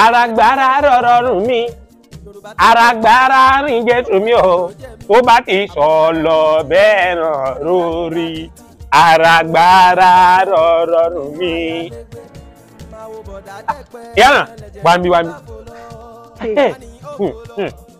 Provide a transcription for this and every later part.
aragbára rọrọrùn mi aragbára rìn jésù mi o tó bá ti sọ lọ bẹ́ẹ̀ ràn lórí aragbára rọrọrùn mi. yàrá wàmí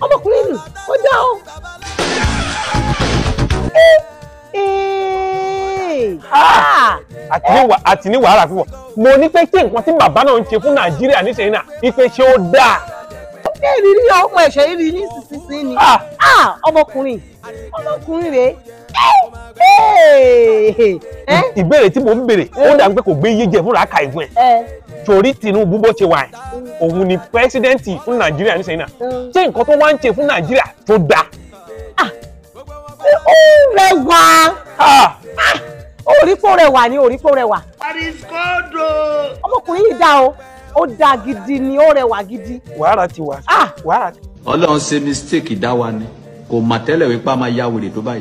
ọmọkùnrin nì ó já o. Ah! Ah! àti ní wàhálà fífọ̀ mo ní pé kí nǹkan tí bàbá náà ń ṣe fún nàìjíríà níṣẹ́yìn náà ipe ṣé ó dáa. ó ní ìrírí ọmọ ẹ̀ṣẹ̀ yìí ní sísinsin ni ah! ọmọkùnrin ọmọkùnrin rèé. ìbéèrè tí mo ń béèrè ó dà ń pé kò gbé iye jẹ fúnra ka ìfún ẹ torí Tinubu bó ṣe ni fún Nàìjíríà nísìnyí náà hmm. ṣé nǹkan tó wá ń fún Nàìjíríà tó dáa. Ah! ó rẹwà òrípò ah! ah! rẹwà rẹwà. Oh! ọmọkùnrin yìí dá o ó gidi ni ó rẹwà gidi. wàhálà ti wà. ọlọ́run ṣe wa ni kò